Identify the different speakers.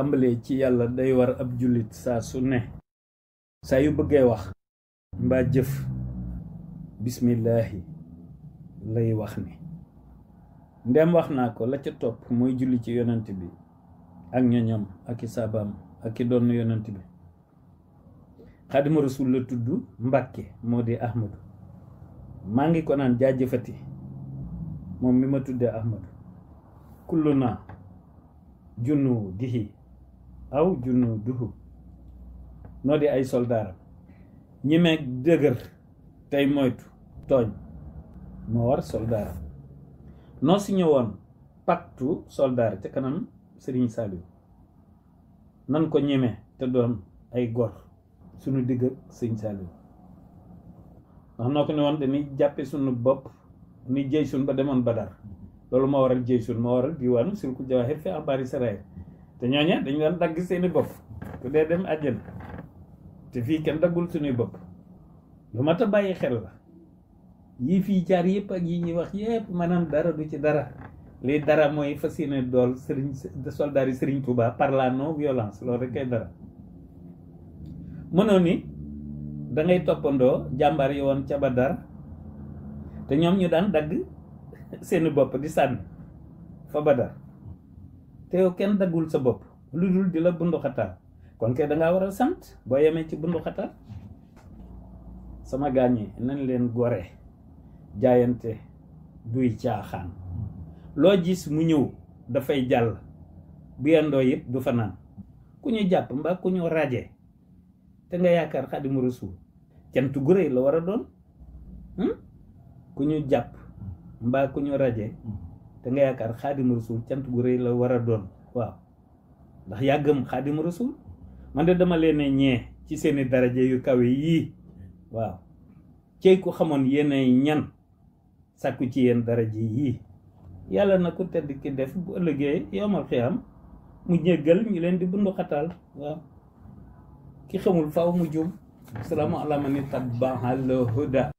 Speaker 1: tàmbalee ci yàlla day war ab jullit saa su ne saa yu bëggee wax mbaa jëf bismillaahi lay wax ni ndem wax naa ko la ca topp mooy julli ci yonent bi ak ñoñam ak i saabaam ak i doon yonent bi xaadima rasul la tudd mbàkke moo di ahmadu maa ngi ko naan jaajëfati moom mi ma tuddee ahmadu kullu naa junnu dihi aw junuduhu noo di ay soldaaram ñi meeg dëgër tey moytu tooñ moo war soldaaram noo si ñëwoon pactu soldaar ca kanam sëriñ Saliou nan ko ñemee te doon ay gor sunu digg ak sëriñ Saliou ndax noo ko ne woon dañuy jàppe suñu bopp ni jëy suñ ba demoon Badar loolu moo waral jëy suñ moo waral diiwaanu silku jawahir fi akhbaari Saraaya te ñooñe dañu daan dagg seeni bopp su dee dem àjjana te fii kenn daggul suñuy bopp lu mat a bàyyi xel la yii fii jaar yëpp ak yi ñuy wax yëpp maanaam dara du ci dara lii dara mooy fas yéene dool sëriñ soldats yi Sëriñ Touba par la non violence loolu rek dara mënoon ni da toppandoo jàmbaar yi woon ca Badar te ñoom ñu daan dagg seeni bopp di sànni fa Badar te kenn daggul sa bopp lu dul di la bunduxataal kon kay da ngaa war a sant boo yemee ci bunduxataal sama gaañ yi nañ leen gore jaayante duy caaxaan loo gis mu ñëw dafay jàll bu yendoo it du fa naan ku ñu jàpp mbaa ku ñu raje te nga yaakaar xadimu rasul cant gu rëy la war a doon hmm? ku ñu jàpp mbaa raje te nga yaakaar xaadima rasul cant gu rëy la war a doon waaw ndax yàggam xaadima rasul man de dama leen ñee ci seeni daraja yu kawe yii waaw cey ku xamoon yéen ñan sàkku ci yéen daraja yii yàlla na ko tedd ki def bu ëllëgee yowmal xiyaam mu jéggal ñu leen di bundu xataal waaw ki xamul faaw mu jum salaamu alaa man ittaba'a al-huda